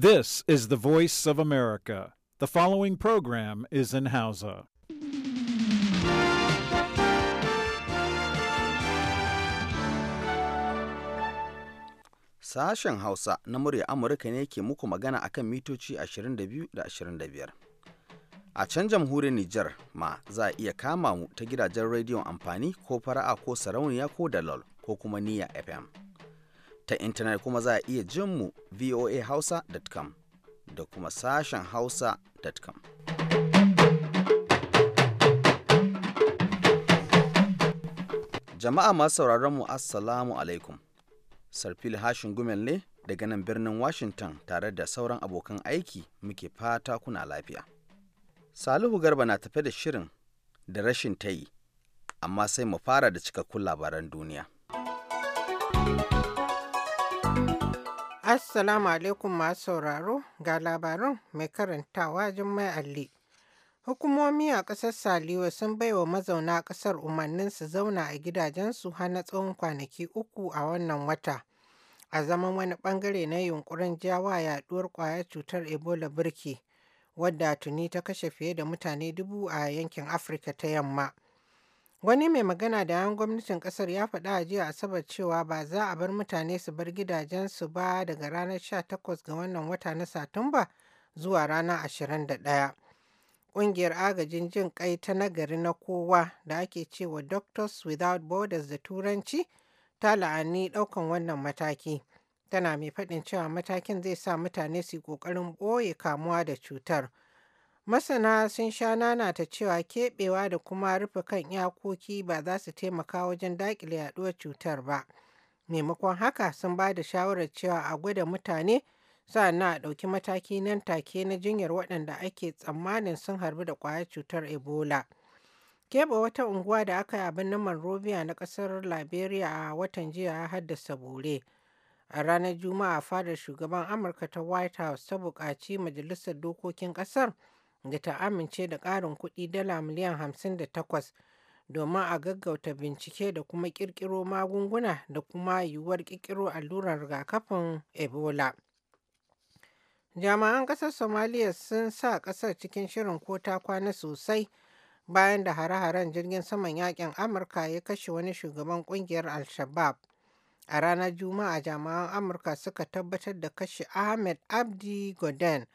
This is the voice of America. The following program is in Hausa. Sashen Hausa na murya Amurka ne ke muku magana akan mitoci 22 da 25. A can jamhuriyar Nijar ma za a iya kama mu ta gidajen rediyon amfani ko fara'a ko sarauniya ko dalol ko kuma niya FM. ta intanet kuma za a iya jin mu voahausa.com da kuma sashen hausa.com. Jama'a masu sauraron mu Assalamu alaikum. Sarfil Hashin Gumel ne daga nan birnin Washington tare da sauran abokan aiki muke fata kuna lafiya. Salihu Garba na tafe da shirin da rashin ta yi, amma sai mu fara da cikakkun labaran duniya. Assalamu alaikum masu sauraro ga labarin mai karantawa Jummai Alli. Hukumomi a ƙasar Saliwa sun baiwa mazauna ƙasar umarnin su zauna a gidajensu har na tsawon kwanaki uku a wannan wata. A zaman wani ɓangare na yunkurin jawa yaɗuwar ƙwayar cutar Ebola birki, wadda tuni ta kashe fiye da mutane dubu a yankin Afirka ta yamma. Wani mai magana da yawun gwamnatin kasar ya faɗa a jiya Asabar cewa ba za a bar mutane su bar gidajensu ba daga ranar 18 ga wannan wata na Satumba zuwa ranar 21. Ƙungiyar agajin jin ƙai ta nagari na kowa da ake cewa Doctors Without Borders da Turanci ta la'ani ɗaukan wannan mataki. Tana mai faɗin cewa matakin zai sa mutane su yi ƙoƙarin ɓoye kamuwa da cutar. Masana sun sha nana ta cewa keɓewa da kuma rufe kan iyakoki ba za su taimaka wajen daƙile yaɗuwar cutar ba. Maimakon haka sun ba da shawarar cewa a gwada mutane sa'annan a ɗauki mataki nan take na jinyar waɗanda ake tsammanin sun harbi da ƙwayar cutar Ebola. Keɓe wata unguwa da aka yi abin na Monrovia na ƙasar Liberia a watan jiya ya haddasa bore. A ranar Juma'a fadar shugaban Amurka ta White House ta buƙaci majalisar dokokin ƙasar da ta amince da ƙarin kuɗi dala miliyan 58 domin a gaggauta bincike da kuma ƙirƙiro magunguna da kuma yiwuwar ƙirƙiro allurar rigakafin ebola jami'an ƙasar somaliya sun sa ƙasar cikin shirin ko ta kwana sosai bayan da hare-haren jirgin saman yakin amurka ya kashe wani shugaban ƙungiyar al-shabab a ranar juma'a jami'an amurka suka tabbatar da kashe ahmed abdi goden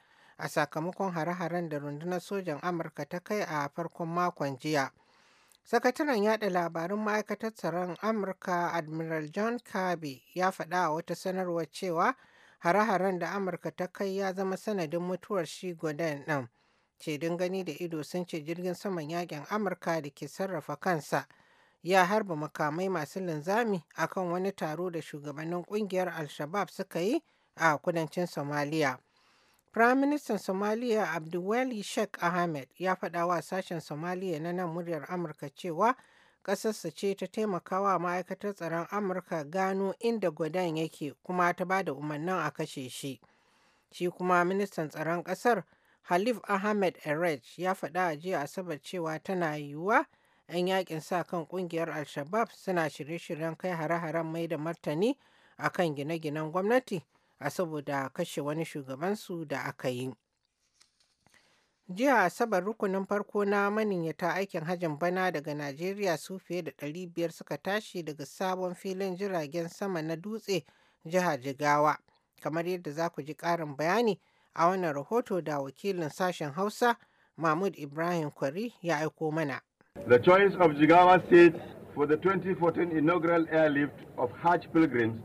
a sakamakon hare-haren da rundunar sojan Amurka ta kai a farkon makon jiya. Sakataren yada labarun ma'aikatar tsaron Amurka Admiral John Kirby ya faɗa a wata sanarwar cewa hare-haren da Amurka ta kai ya zama sanadin mutuwar shi Godin ɗin. Cedin gani da ido sun ce jirgin saman yakin Amurka da ke sarrafa kansa ya harba makamai masu linzami akan wani taro da shugabannin kungiyar al shabab suka yi a kudancin Somalia. Firaministan Somalia Abduwali Sheikh Ahmed ya faɗa wa sashen Somaliya na nan muryar Amurka cewa ƙasarsa ce ta taimakawa ma'aikatar tsaron Amurka gano inda gwadan yake kuma ta ba da umarnin a kashe shi. Shi kuma ministan tsaron ƙasar Halif Ahmed Erej ya faɗa a jiya Asabar cewa tana yiwuwa 'yan yakin sa kan ƙungiyar Al-Shabab suna shirye-shiryen kai hare-haren mai da martani akan gine-ginen gwamnati. a saboda kashe wani shugabansu da aka yi. Jiya Asabar rukunin farko na maniyyata aikin hajin bana daga Najeriya su fiye da 500 suka tashi daga sabon filin jiragen sama na dutse jiha Jigawa. Kamar yadda za ku ji ƙarin bayani a wannan rahoto da wakilin sashen Hausa Mahmud Ibrahim Kwari ya aiko mana. The choice of Jigawa State for the 2014 inaugural airlift of Hajj pilgrims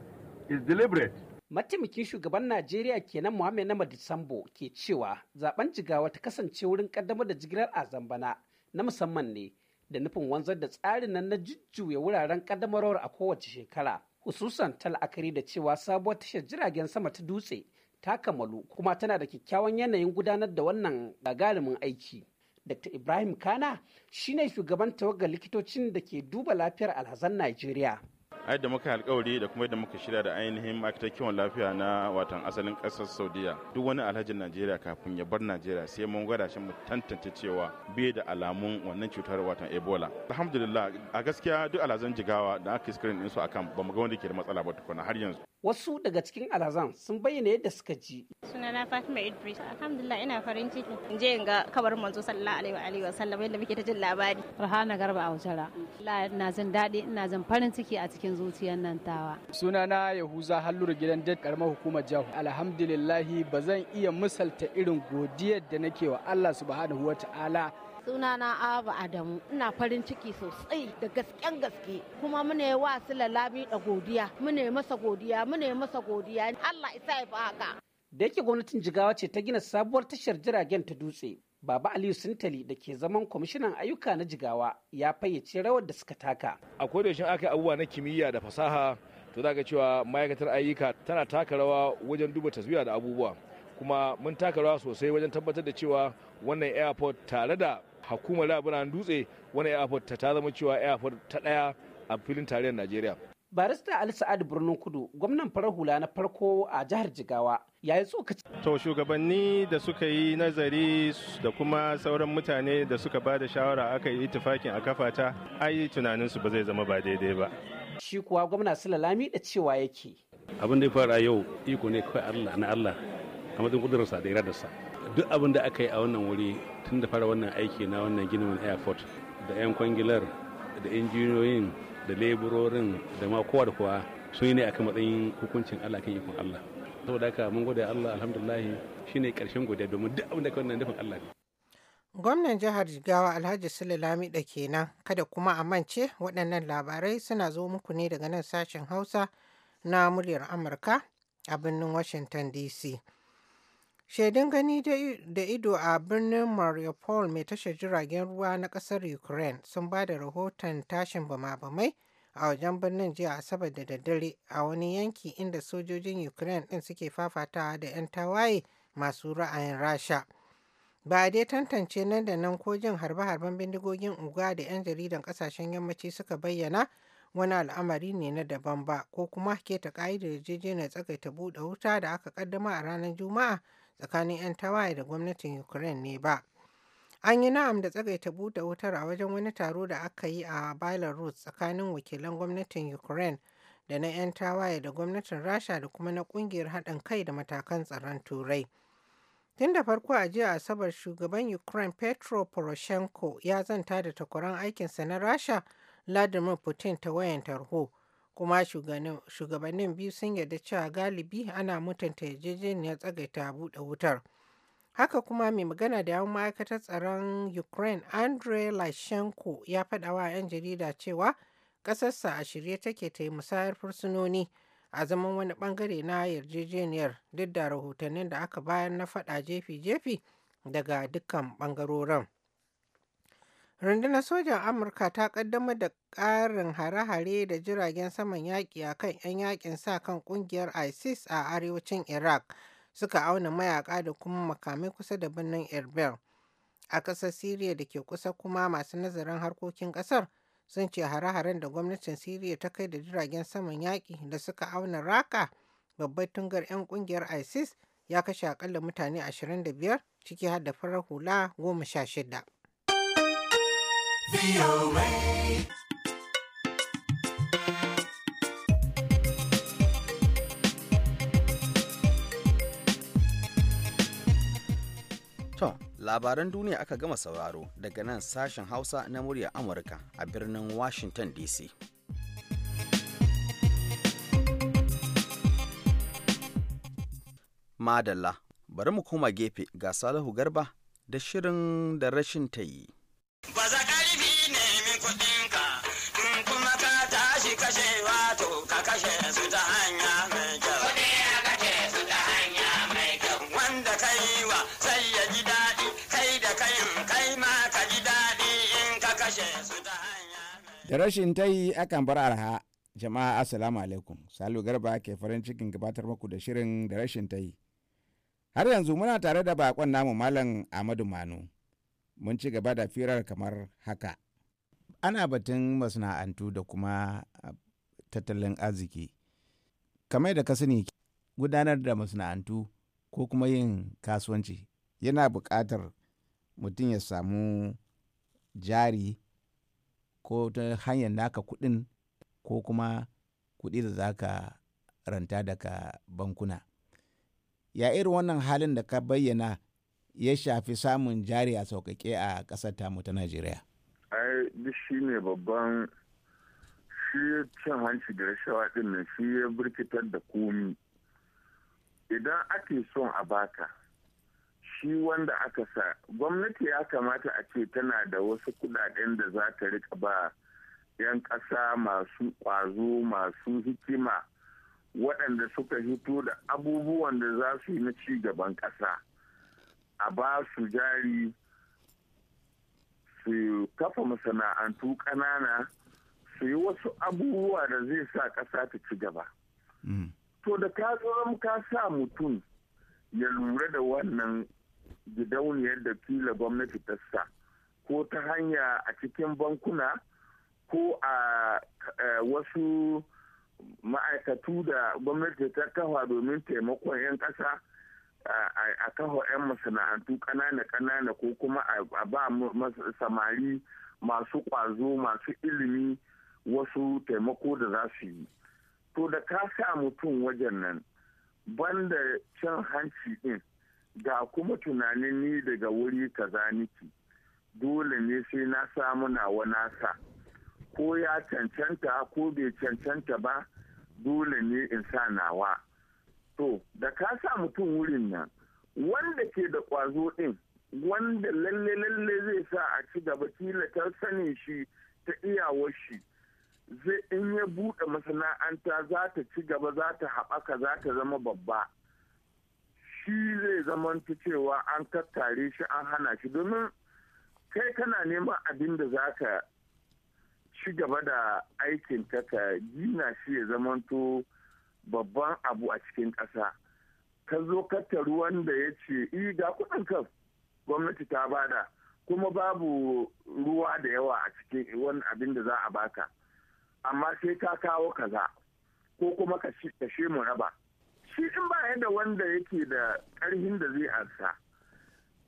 is deliberate Mataimakin shugaban Najeriya kenan Muhammad Namadi Sambo ke cewa zaben jigawa ta kasance wurin kaddamar da jigilar azambana na musamman ne da nufin wanzar da tsarin nan na jujjuya wuraren kaddamarwar a kowace shekara. Hususan ta la'akari da cewa sabuwar tashar jiragen sama ta dutse ta kammalu kuma tana da kyakkyawan yanayin gudanar da wannan gagarumin aiki. Dr. Ibrahim Kana shine shugaban tawagar likitocin da ke duba lafiyar alhazan Najeriya. yadda muka alkawari da kuma yadda muka shirya da ainihin ma'aikatar kiwon lafiya na watan asalin ƙasar saudiya duk wani alhajin najeriya kafin ya bar najeriya sai mun gwada shi mu tantance cewa bai da alamun wannan cutar watan ebola alhamdulillah a gaskiya duk alhazan jigawa da aka screen din su akan ba mu ga wanda ke da matsala ba tukuna har yanzu wasu daga cikin alhazan sun bayyana yadda suka ji sunana fatima idris alhamdulillah ina farin ciki in je in ga kabar manzo sallallahu alaihi wa alihi wa sallam yadda muke ta jin labari rahana garba aujara wajara ina jin daɗi ina jin farin ciki a cikin zuciyar nan tawa. Sunana Yahuza Halluru gidan Jad karamar hukumar jihar. Alhamdulillah ba zan iya misalta irin godiyar da nake wa Allah subhanahu wata'ala. ta'ala sunana Aba Adamu ina farin ciki sosai da gasken gaske kuma mune wa su lalabi da godiya mune masa godiya mune masa godiya Allah isa ya haka da yake gwamnatin jigawa ce ta gina sabuwar tashar jiragen ta dutse Baba Aliyu Sintali da ke zaman kwamishinan ayyuka na jigawa ya fayyace rawar da suka taka. A kodayashin aka yi abubuwa na kimiyya da fasaha to za cewa ma'aikatar ayyuka tana taka rawa wajen duba taswira da abubuwa. Kuma mun taka rawa sosai wajen tabbatar da cewa wannan airport tare da hukumar labiran dutse wannan airport ta zama cewa airport ta ɗaya a filin tarihin Najeriya. barista ali sa'ad birnin kudu gwamnan farar hula na farko a jihar jigawa ya yi tsokaci to shugabanni da suka yi nazari da kuma sauran mutane da suka ba da shawara aka yi itifakin a kafata ai tunaninsu ba zai zama ba daidai ba shi kuwa gwamna sulalami da cewa yake abin da ya fara yau iko ne kawai allah na allah a matsayin kudurarsa da iradarsa duk abin da aka yi a wannan wuri tun da fara wannan aiki na wannan ginin airport da 'yan kwangilar da injiniyoyin da leburorin da ma kowa da kowa sun yi ne akan matsayin hukuncin Allah kan ikon Allah saboda haka mun gode Allah alhamdulillah shine karshen godiya domin duk abin da kawai nan Allah ne Gwamnan jihar Jigawa Alhaji Sule Lamida kenan kada kuma a mance waɗannan labarai suna zo muku ne daga nan sashen Hausa na muryar Amurka a birnin Washington DC. Shaidun gani da ido a birnin Mariupol mai tashar jiragen ruwa na ƙasar Ukraine sun ba da rahoton tashin bama-bamai a wajen birnin jiya Asabar da daddare a wani yanki inda sojojin Ukraine din suke fafatawa da 'yan tawaye masu ra'ayin Rasha. Ba a dai tantance nan da nan ko jin harbe-harben bindigogin uga da 'yan jaridan kasashen yammaci suka bayyana wani al'amari ne na daban ba ko kuma keta ƙa'idar na tsagaita buɗe wuta da aka kaddama a ranar Juma'a tsakanin 'yan tawaye da gwamnatin Ukraine ne ba. An yi na'am da tsagaita buɗe wutar a wajen wani taro da aka yi a Belarus tsakanin wakilan gwamnatin Ukraine da na 'yan tawaye da gwamnatin Rasha da kuma na ƙungiyar haɗin kai da matakan tsaron Turai. Tun da farko a jiya Asabar shugaban Ukraine Petro Poroshenko ya zanta da takwaran aikinsa na Rasha Vladimir Putin ta wayan tarho kuma shugabannin biyu sun yarda cewa galibi ana mutunta yarjejeniyar tsagaita buɗe wutar haka kuma mai magana da yawon ma'aikatar tsaron ukraine andre lashenko ya faɗa wa 'yan jarida cewa ƙasarsa a shirye take ta yi musayar fursunoni a zaman wani bangare na yarjejeniyar duk da rahotannin da aka bayar na faɗa jefi-jefi daga dukkan bangarorin. Rundunar sojan Amurka ta ƙaddamar da ƙarin hare-hare da jiragen saman yaƙi a kan 'yan yaƙin sa kan ƙungiyar ISIS a arewacin Iraq suka auna mayaƙa da kuma makamai kusa da birnin Erbil. A ƙasar Siriya da ke kusa kuma masu nazarin harkokin ƙasar sun ce hare-haren da gwamnatin Siriya ta kai da jiragen saman yaƙi da suka auna raka babbar tungar 'yan ƙungiyar ISIS ya kashe akalla mutane 25 ciki har da farar hula 16. To, labaran duniya aka gama sauraro daga nan sashen Hausa na muryar Amurka a birnin Washington DC. Madalla, bari mu koma gefe ga Salihu Garba da shirin da rashin ta yi. da rashin ta yi akan bar arha jama'a assalamu alaikum salu garba ke farin cikin gabatar muku da shirin da rashin ta yi har yanzu muna tare da bakon namu malam ahmadu manu mun ci gaba da firar kamar haka ana batun masana'antu da kuma ah, tattalin arziki kamar da ka sani gudanar da masana'antu ko kuma yin kasuwanci yana buƙatar mutum ya samu jari ko ta hanyar naka kuɗin ko kuma kuɗi da za ka ranta daga bankuna ya irin wannan halin da ka bayyana ya shafi samun jari a sauƙaƙe a ƙasar tamu ta najeriya ai duk shi ne babban shi cin hanci da rashawa ɗin nan shi ya birkitar da komi idan ake son a baka shi wanda aka sa gwamnati ya kamata a ce tana da wasu kudaden da za ta rika ba 'yan kasa masu ƙwazo masu hikima waɗanda suka hito da abubuwan da za su yi na cigaban gaban ƙasa a ba su jari su kafa masana'antu ƙanana su yi wasu abubuwa da zai sa ƙasa ta ci gaba mm. to da ka zama ka sa mutum ya lura da wannan gidauniyar da kila gwamnati ta sa ko ta hanya a cikin bankuna ko a eh, wasu ma'aikatu da gwamnati ta kafa domin taimakon 'yan ƙasa a kafa 'yan masana'antu ƙanana-ƙanana ko kuma a ba samari masu ƙwazo masu ilimi wasu taimako da za su yi to da ka sa mutum wajen nan ban da cin hanci din. ga kuma tunanin ni daga wuri kaza niki dole ne sai na samu nawa nasa ko ya cancanta ko bai cancanta ba dole ne in sa nawa to da ka sa mutum wurin nan wanda ke da kwazo din wanda lalle lalle zai sa a ci gaba ta sanin shi ta iyawar shi zai in ya buɗe masana'anta za ta ci gaba za ta haɓaka za ta zama babba shi zai zamanta cewa an tattare shi an hana shi domin kai kana neman abin da za ka ci gaba da aikin ta ka gina shi ya zamanto babban abu a cikin ƙasa ka zo katta ruwan da ya ce i e, ga kuɗin kan gwamnati ta bada kuma babu ruwa da yawa a cikin wani abin da za a baka amma sai ka kawo kaza ko kuma ka shi mu raba shi in ba da wanda yake da ƙarfin da zai arsa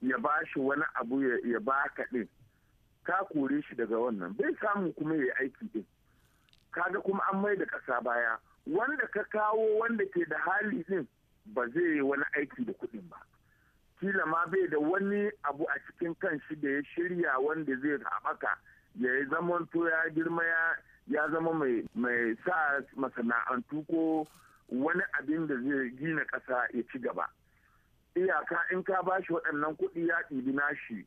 ya ba shi wani abu ya ba ka ɗin ka kore shi daga wannan bai samu kuma ya yi aiki ɗin kaga kuma an mai da ƙasa baya wanda ka kawo wanda ke da hali ɗin ba zai yi wani aiki da kuɗin ba kila ma bai da wani abu a cikin kan shi da ya shirya wanda zai haɓaka ya yi zamanto ya girma ya zama mai sa masana'antu ko wani abin da zai gina ƙasa ya ci gaba iyaka in ka ba shi waɗannan kuɗi ya ɗibi nashi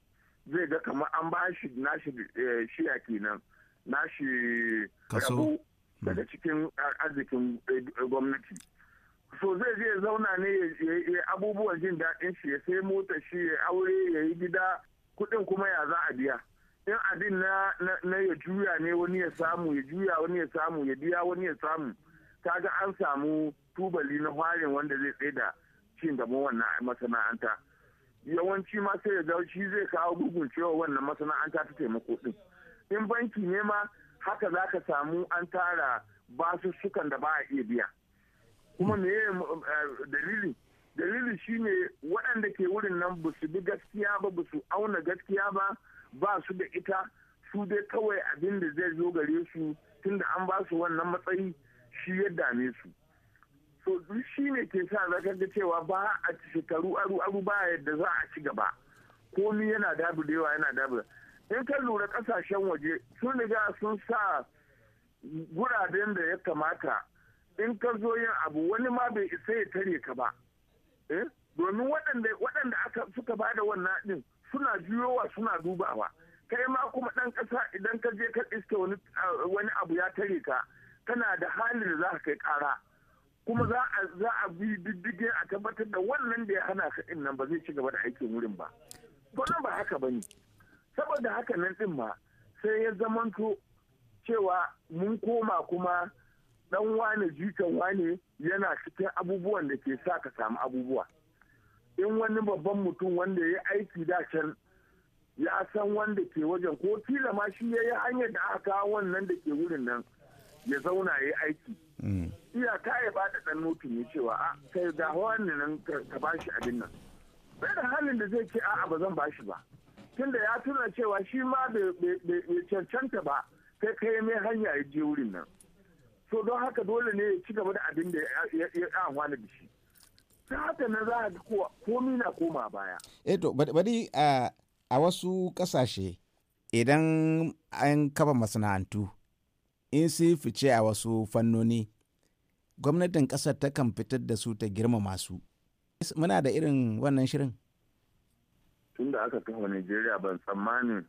zai ga kamar an ba shi nashi eh, shiya kenan nashi rabu hmm. daga cikin arzikin eh, gwamnati so zai je zauna ne ya yi abubuwan jin daɗin shi ya sai mota shi ya aure ya yi gida kuɗin kuma ya za a biya in abin na ya juya ne wani ya samu ya juya wani ya samu ya biya wani ya samu ta ga an samu tubali na harin wanda zai tsaye da cin gaban wannan masana'anta yawanci ma sai ga shi zai kawo bugun cewa wannan masana'anta ta taimako din in banki ne ma haka za ka samu an tara basussukan da ba a iya biya kuma me eh, dalili dalili shine waɗanda ke wurin nan ba su bi gaskiya ba ba su auna gaskiya ba ba su da ita su dai kawai abin da zai zo gare su tunda an ba su wannan matsayi shi ya dame su so shi ne ke sa zaka ga cewa ba a shekaru aru aru ba yadda za a ci gaba komi yana yawa yana dabudewa in ka lura kasashen waje sun riga sun sa guraben da ya kamata in ka zo yin abu wani ma bai isa ya tare ka ba eh? domin waɗanda aka suka ba da wannan ɗin suna juyowa suna dubawa kai ma kuma ɗan ƙasa idan ka je ka iske wani ah, abu ya tare ka kana da halin da za ka kai kara kuma za a za a bi diddige a tabbatar da wannan da ya hana ka din nan ba zai ci gaba da aikin wurin ba wannan ba haka bane saboda haka nan din ma sai ya zamanto cewa mun koma kuma dan wane jikan wane yana cikin abubuwan da ke sa ka samu abubuwa in wani babban mutum wanda ya aiki da can ya san wanda ke wajen ko kila ma shi ya yi hanyar da aka wannan da ke wurin nan ya zauna ya yi aiki mm. iyaka ya ba da ɗan mutum ya cewa a da wannan nan ka ba shi abin nan bai da halin da zai ce a'a ba zan ba shi ba tunda ya tuna cewa shi ma bai cancanta ba sai kai mai hanya ya je wurin nan so don haka dole ne ya ci gaba da abin da ya amfana da shi ta haka na za a ga komi na koma baya eh to bari a wasu kasashe idan an kafa masana'antu in sun fice a wasu fannoni gwamnatin ƙasar takan fitar da su ta girmama su muna da irin wannan shirin tun da aka kafa nigeria ban tsammanin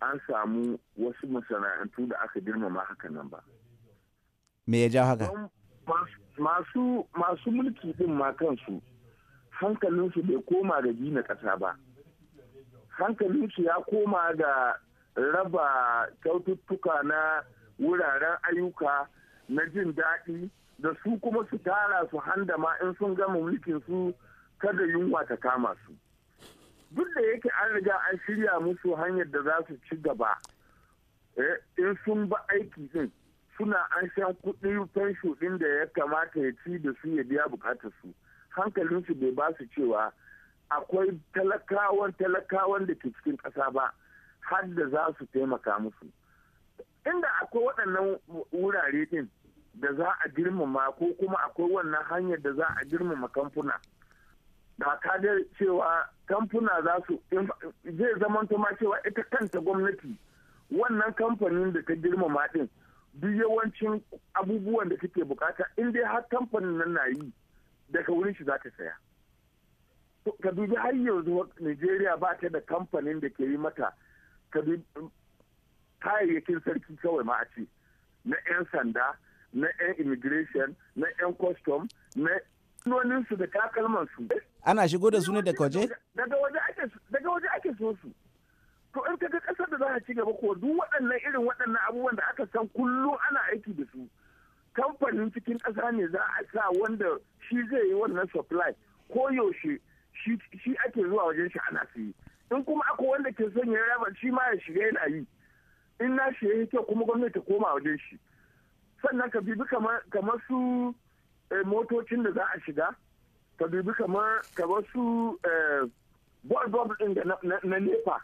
an samu wasu masana'antu da aka girmama hakan nan ba me ya ja haka masu mulki din ma kansu hankalinsu bai koma ga gina ƙasa ba hankalinsu ya koma ga raba kyaututtuka na wuraren ayyuka na jin daɗi da su kuma su tara su handama in sun gama mulkin su kada yunwa ta kama su duk da yake an riga an shirya musu hanyar da za su ci gaba eh, in sun ba aiki din suna an shan kuɗi fensho ɗin da ya kamata ya ci da su ya biya bukatar su su bai ba su cewa akwai talakawan talakawan da ke cikin ƙasa ba har da za su taimaka musu inda akwai waɗannan wurare din da za a girmama ko kuma akwai wannan hanyar da za a girmama kamfuna da ta da cewa kamfuna za su zai zama ma cewa ita kanta gwamnati wannan kamfanin da ta girmama din duk yawancin abubuwan da take bukata in dai har kamfanin nan na yi daga wurin shi za ta saya ka dubi har yanzu Najeriya ba ta da kamfanin da ke yi mata kayayyakin sarki kawai ma a ce na 'yan sanda na 'yan immigration na 'yan custom na su da takalmansu ana shigo da su ne daga waje daga waje ake so su to in kaga kasar da za a ci gaba ko duk waɗannan irin waɗannan abubuwan da aka san kullum ana aiki da su kamfanin cikin ƙasa ne za a sa wanda shi zai yi wannan supply ko yaushe shi ake zuwa wajen shi ana siyi in kuma akwai wanda ke son ya raba shi ma ya shiga yana yi in nashi ya yi kyau kuma gwamnati koma wajen shi sannan ka bibi kamar su eh, motocin da za a shiga ka bibi kamar su eh, bulb din da na nepa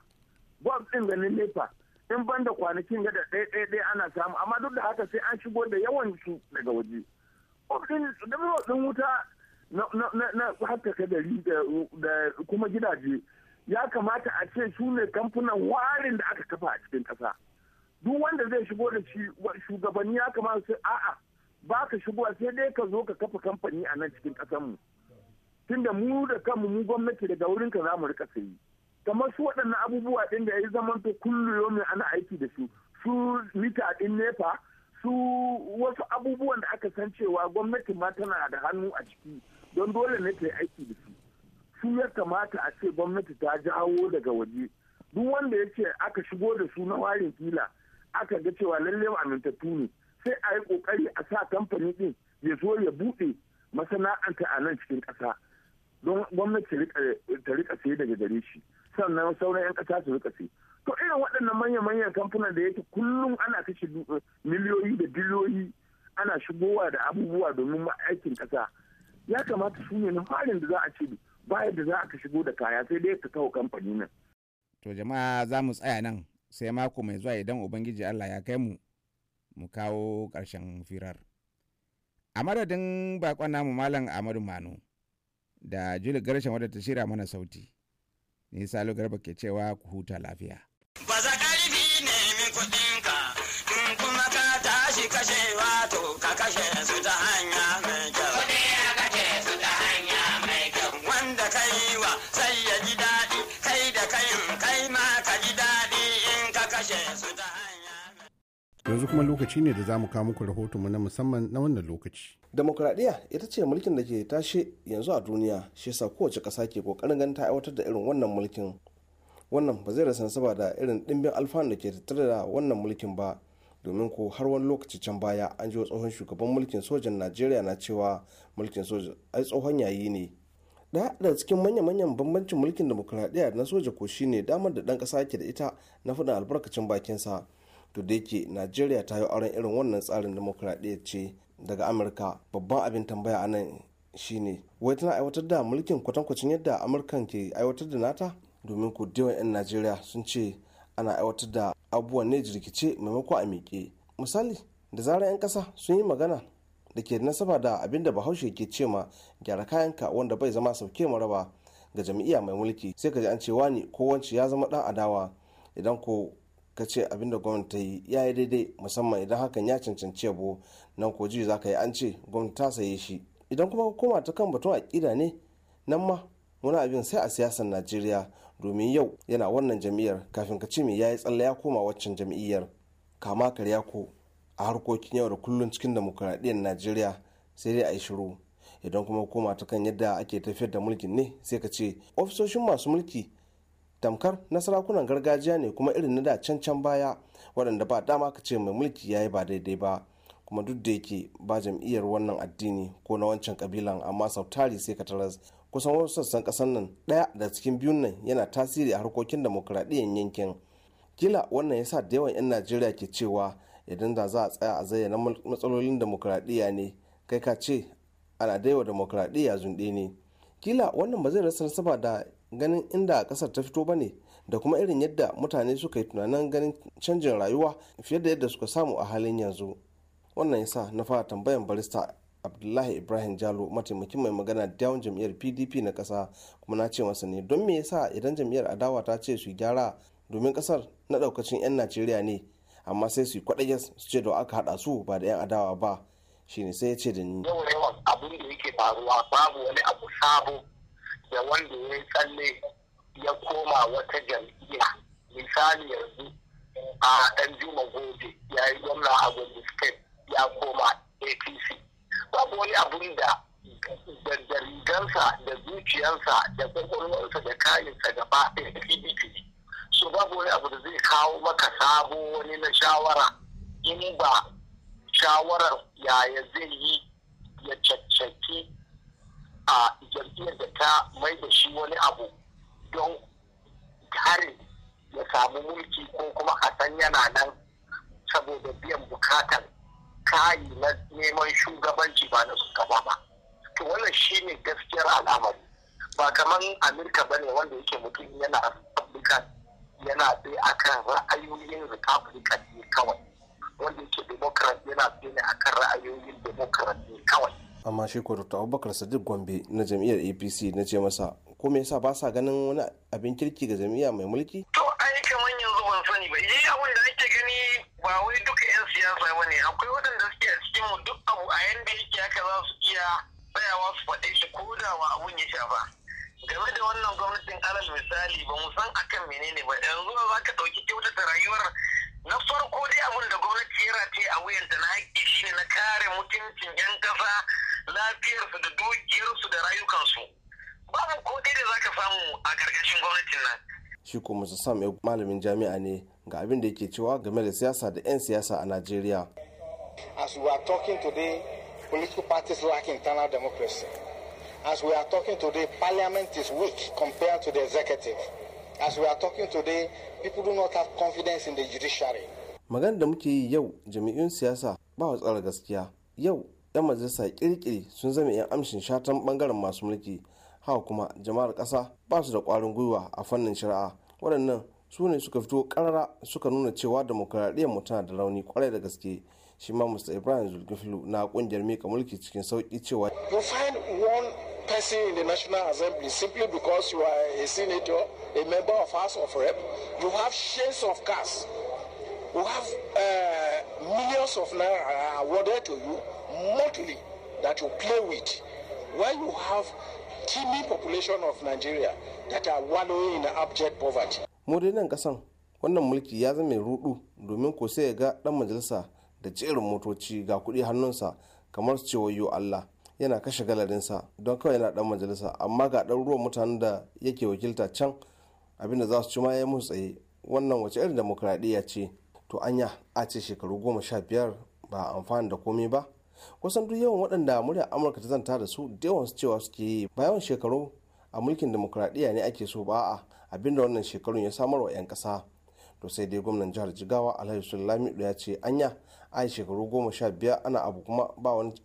bulb din da na nepa in ban da kwanakin ga da ɗaya ɗaya ana samu amma duk da haka sai an shigo da yawan su daga waje ɗin wuta na haskaka gari da kuma gidaje ya kamata a ce su ne kamfunan warin da aka kafa a cikin ƙasa. duk wanda zai shigo da shi shugabanni ya kamata su a'a ba ka shigowa sai dai ka zo ka kafa kamfani a nan cikin ƙasarmu tunda mu da kanmu mu gwamnati daga wurin ka zamu rika sayi kamar su waɗannan abubuwa ɗin da ya yi zaman to kullu ana aiki da su su mita ɗin nefa su wasu abubuwan da aka san cewa gwamnati ma tana da hannu a ciki don dole ne ta yi aiki da su su ya kamata a ce gwamnati ta jawo daga waje duk wanda ya ce aka shigo da su na warin kila aka ga cewa lalle amintattu ne sai a yi kokari a sa kamfani din ya zo ya buɗe masana'anta a nan cikin ƙasa don gwamnati ta rika sai daga gare shi sannan sauran 'yan ƙasa su rika sai to irin waɗannan manya-manyan kamfanin da yake kullum ana kashe eh, miliyoyi da biliyoyi ana shigowa da abubuwa domin aikin ƙasa ya kamata su ne na farin da za a ce bayan da za a ka shigo da kaya sai dai ka kawo kamfani nan. To jama'a za mu tsaya nan sai mako mai zuwa idan ubangiji allah ya kai mu mu kawo ƙarshen firar a madadin baƙon namu malam amadu manu da juli garshen wadda ta shira mana sauti ni salo garba ke cewa ku huta lafiya baza ƙarfi ne min kuma ka kashe su ta yanzu kuma lokaci ne da za mu kawo muku mu na musamman na wannan lokaci. Demokradiyya ita ce mulkin da ke tashe yanzu a duniya shi yasa kowace ƙasa ke ƙoƙarin ganin ta aiwatar da irin wannan mulkin. Wannan ba zai rasa saba da irin ɗimbin alfanu da ke tattare da wannan mulkin ba domin ko har wani lokaci can baya an ji tsohon shugaban mulkin sojan Najeriya na cewa mulkin soja ai tsohon yayi ne. Daya da cikin manya-manyan bambancin mulkin demokradiyya na soja ko shine damar da ɗan ƙasa ke da ita na faɗin albarkacin bakinsa. to da yake najeriya ta yi auren irin wannan tsarin demokuraɗiyya ce daga amurka babban abin tambaya a nan shine wai tana aiwatar da mulkin kwatankwacin yadda amurkan ke aiwatar da nata domin ku dewan 'yan najeriya sun ce ana aiwatar da abubuwan ne jirkice maimako a miƙe misali da zarar 'yan ƙasa sun yi magana da ke nasaba da abin da bahaushe ke ce ma gyara kayanka wanda bai zama sauke maraba ga jam'iyya mai mulki sai ka ji an cewa ne ko ya zama dan adawa idan ko ka ce abin da gwamnati ta yi ya yi daidai musamman idan hakan ya cancanci yabo nan ko ji za ka yi an ce gwamnati ta saye shi idan kuma koma ta kan batun aƙida ne nan ma wani abin sai a siyasar najeriya domin yau yana wannan jam'iyyar kafin ka ce mai ya yi tsalle ya koma waccan jam'iyyar kama karya ko a harkokin yau da kullum cikin demokuraɗiyyar najeriya sai dai a yi shiru idan kuma koma ta kan yadda ake tafiyar da mulkin ne sai ka ce ofisoshin masu mulki tamkar na sarakunan gargajiya ne kuma irin na da can can baya waɗanda ba dama ka ce mai mulki ya yi ba daidai ba kuma duk da yake ba jam'iyyar wannan addini ko na wancan kabilan amma sau tari sai ka taras kusan wasu sassan ƙasar nan ɗaya da cikin biyun nan yana tasiri a harkokin demokuraɗiyyar yankin kila wannan yasa da yawan 'yan najeriya ke cewa idan da za a tsaya a zayyana matsalolin demokuraɗiyya ne kai ka ce ana daiwa demokuraɗiyya zunɗe ne kila wannan ba zai rasa nasaba da ganin inda kasar ta fito ba ne da kuma irin yadda mutane suka yi tunanin ganin canjin rayuwa fiye da yadda suka samu a halin yanzu wannan yasa na fara tambayan barista abdullahi ibrahim jalo mataimakin mai magana da yawon jam'iyyar pdp na kasa kuma na ce masa ne don me yasa idan jam'iyyar adawa ta ce su gyara domin kasar na daukacin 'yan najeriya ne amma sai su yi kwaɗayas su ce da aka haɗa su ba da 'yan adawa ba shine sai ya ce da ni yawan abin da yake faruwa babu wani abu sabo da wanda ya yi tsalle ya koma wata jam'iyya misali yanzu a ɗan juma gobe ya yi gwamna a gobe state ya koma apc babu wani abun da da rigansa da zuciyarsa da kwakwalwarsa da kayansa gaba ɗaya pdp so babu wani abu da zai kawo maka sabo wani na shawara in ba shawarar yaya zai yi ya caccaki a jam'iyyar da ta mai da shi wani abu don kare ya samu mulki ko kuma a san yana nan saboda biyan bukatar kayi na neman shugabanci ba na shugaba ba to wannan shine gaskiyar al'amari ba kamar amurka ba ne wanda yake mutum yana republican yana tsaye akan ra'ayoyin republican ne kawai wanda yake democrat yana tsaye akan ra'ayoyin democrat ne kawai amma shi ko abubakar sadiq gombe na jam'iyyar apc na ce masa ko me yasa ba sa ganin wani abin kirki ga jam'iyya mai mulki to ai kaman yanzu ban sani ba yi abin da ake gani ba wai duka yan siyasa ba ne akwai waɗanda suke a cikin mu duk abu a yanda yake haka za su iya bayawa su faɗe shi ko da wa abun ya sha ba game da wannan gwamnatin alal misali ba mu san akan menene ba yanzu ba za ka ɗauki kyautata rayuwar na farko dai abin da gwamnati ya rataye a wuyanta na haƙƙi shine na kare mutuncin 'yan ƙasa lafiyarsu da dukiyarsu da rayukansu babu ko da za ka samu a karkashin gwamnatin nan shi ko Mr. Sam ya malamin jami'a ne ga abin da yake cewa game da siyasa da 'yan siyasa a Najeriya. As we are talking today, political parties lack internal democracy. As we are talking today, parliament is weak compared to the executive. As we are talking today, people do not have confidence in the judiciary. Magana da muke yi yau jami'in siyasa ba wa tsara gaskiya. Yau 'yan majalisa kirkiri sun zama 'yan amshin shatan bangaren masu mulki hawa kuma jama'ar kasa ba su da kwarin gwiwa a fannin shari'a waɗannan su ne suka fito karara suka nuna cewa demokuraɗiyyar mu tana da rauni kwarai da gaske shi ma mr ibrahim zulkifilu na kungiyar mika mulki cikin sauki cewa you find one person in the national assembly simply because you are a senator member of house of rep have of have uh, millions of naira awarded to you motley that you play with when you have teeming population of nigeria that are wallowing in abject poverty mu kasan wannan mulki ya zama rudu domin ko sai ya ga dan majalisa da jerin motoci ga kudi hannunsa kamar cewa allah yana kashe galarinsa don kawai yana dan majalisa amma ga dan ruwan mutanen da yake wakilta can abinda za su ci ma ya musu tsaye wannan wace irin demokradiyya ce to anya a ce shekaru goma sha biyar ba amfani da komai ba kusan duk yawan waɗanda murya amurka ta zanta da su da yawan cewa suke yi bayan shekaru a mulkin demokuraɗiyya ne ake so ba a abinda wannan shekarun ya samar wa 'yan ƙasa to sai dai gwamnan jihar jigawa alhaji sulami ya ce anya a shekaru goma sha biyar ana abu kuma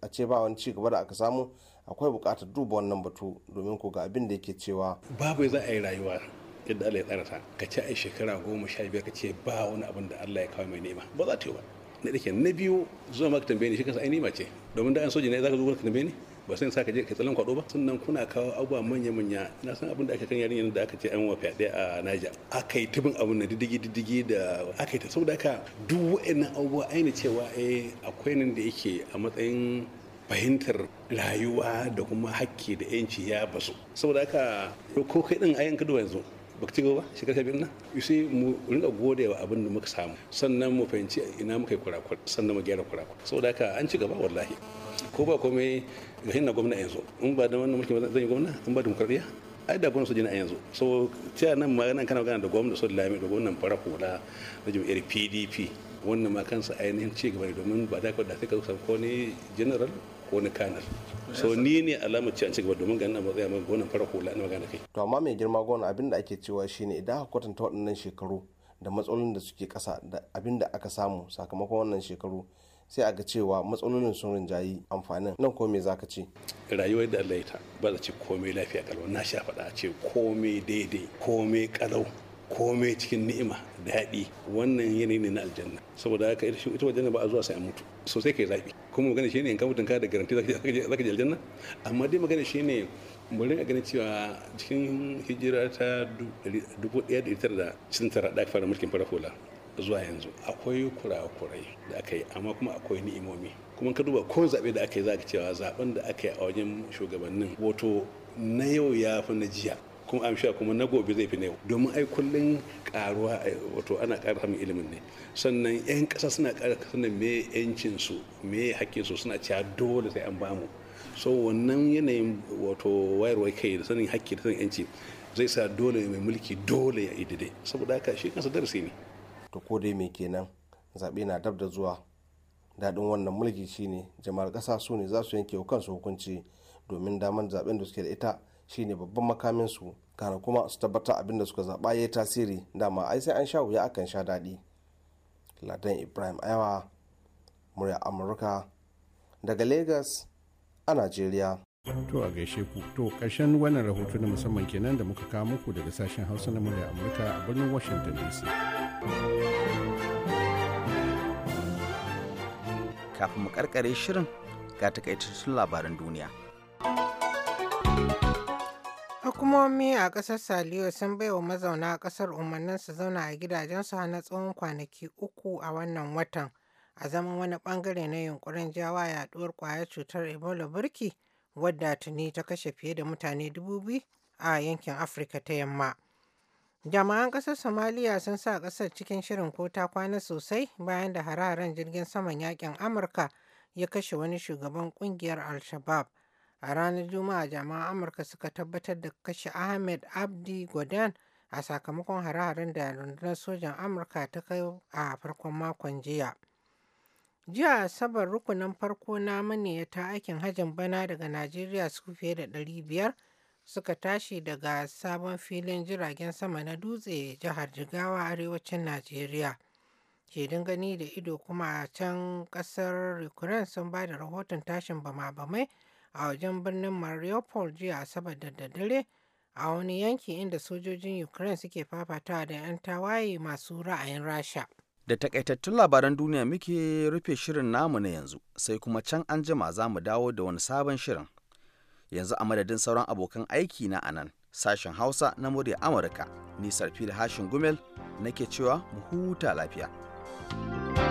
a ce ba wani cigaba da aka samu akwai bukatar duba wannan batu domin ko ga abin da yake cewa babu za a yi rayuwa yadda Allah ya tsara ka ce a shekara goma sha biyar ka ce ba wani abin da Allah ya kawo mai nema ba za ta yi ba na dake na biyu zuwa maka tambaye ni shi kansa ainihi mace domin da an soji ne za ka zo ka tambaye ni ba sai sa ka je ka tsallan kwado ba sannan kuna kawo abubuwa manya manya na san abin da aka kan yarinyar da aka ce an wa fyaɗe a Naija aka yi tubin abun na diddigi diddigi da aka yi ta saboda haka duk wa'annan abubuwa aini cewa eh akwai nan da yake a matsayin fahimtar rayuwa da kuma hakki da yanci ya basu saboda haka ko kai din ayan ka yanzu ba gaba ba shekara ta biyar na yusi mu rinka gode wa abin da muka samu sannan mu fahimci ina muka yi kurakur sannan mu gyara kurakur saboda haka an ci gaba wallahi ko ba komai ga hinna gwamna yanzu in ba da wannan mulki zan yi gwamna in ba demokradiya ai da gwamna su na yanzu so ta nan magana kana magana da gwamna su lami da gwamnan fara hula na jami'ar pdp wannan ma kansa ainihin ci gaba ne domin ba da ka da sai ka samu ko ne general ko Kanal, kanar so ni ne alamar ci an ci gaba domin ganin a matsaya mai gonan fara hula na magana kai to amma mai girma gona abin da ake cewa ne idan aka kwatanta waɗannan shekaru da matsalolin da suke ƙasa da abin da aka samu sakamakon wannan shekaru sai a ga cewa matsalolin sun rinjayi amfanin nan ko me ka ce rayuwar da Allah ya ta ba za ce komai lafiya kalau na sha faɗa a ce komai daidai komai kalau komai cikin ni'ima da daɗi wannan yanayi ne na aljanna saboda haka ita wajen ba a zuwa sai a mutu so sai kai zaɓi kuma magana shi ne in ka da garanti za ka je aljanna amma dai magana shi ne mu rinka ganin cewa cikin hijira ta 1999 da aka fara mulkin farafola zuwa yanzu akwai kurakurai da aka yi amma kuma akwai ni'imomi kuma ka duba kowane zaɓe da aka yi za ka cewa zaɓen da aka yi a wajen shugabannin wato na yau ya fi na jiya kuma am kuma na gobe zai fi na yau domin ai kullun karuwa eh, wato ana kara samun ilimin ne sannan yan kasa suna kara sanin me yancin su me hakkin su suna cewa dole sai an bamu so wannan yanayin wato wayarwa kai da sanin hakki da sanin yanci zai sa dole mai mulki dole ya idide saboda haka shi kansa darasi ne to ko dai me kenan zaɓe na dab da zuwa daɗin wannan mulki shine jama'ar kasa su ne za su yanke wa kansu hukunci domin damar zaben da suke da ita shine babban makamin su kana kuma su tabbatar abin da suka zaba yayi tasiri dama ai sai an sha wuya akan sha daɗi ladan ibrahim ayawa murya amurka daga lagos a nigeria. to a gaishe ku to ƙarshen wannan rahoto na musamman kenan da muka kawo muku daga sashen hausa na murya amurka a birnin washington dc kafin mu karkare shirin ga takaitattun labaran duniya Hukumomi a ƙasar Saliyo sun baiwa mazauna ƙasar umarnin su zauna a gidajensu har na tsawon kwanaki uku a wannan watan, a zaman wani ɓangare na yunƙurin jawa yaɗuwar ƙwayar cutar Ebola burki wadda tuni ta kashe fiye da mutane dubu a yankin Afirka ta Yamma. Jama'an ƙasar Somaliya sun sa ƙasar cikin shirin ko ta kwana sosai bayan da hare-haren jirgin saman yakin Amurka ya kashe wani shugaban ƙungiyar Al-Shabab. A ranar Juma'a jami'an Amurka suka tabbatar da kashe Ahmed Abdi Godan a sakamakon hare-haren da rundunar sojan Amurka ta kai a farkon makon jiya. Jiya Asabar rukunin farko na ta aikin hajjin bana daga Najeriya su fiye da 500 suka tashi daga sabon filin jiragen sama na dutse jihar Jigawa arewacin Najeriya. ke gani da ido kuma a can kasar Ukraine sun ba da rahoton tashin bama-bamai a wajen birnin Mariupol jiya Asabar da daddare a wani yanki inda sojojin Ukraine suke fafatawa da 'yan tawaye masu ra'ayin Rasha. Da takaitattun labaran duniya muke rufe shirin namu na yanzu, sai kuma can an jima za mu dawo da wani sabon shirin. Yanzu a madadin sauran abokan aiki na anan, sashen Hausa na murya Amurka, nisar fili hashin gumel nake cewa mu huta lafiya. thank you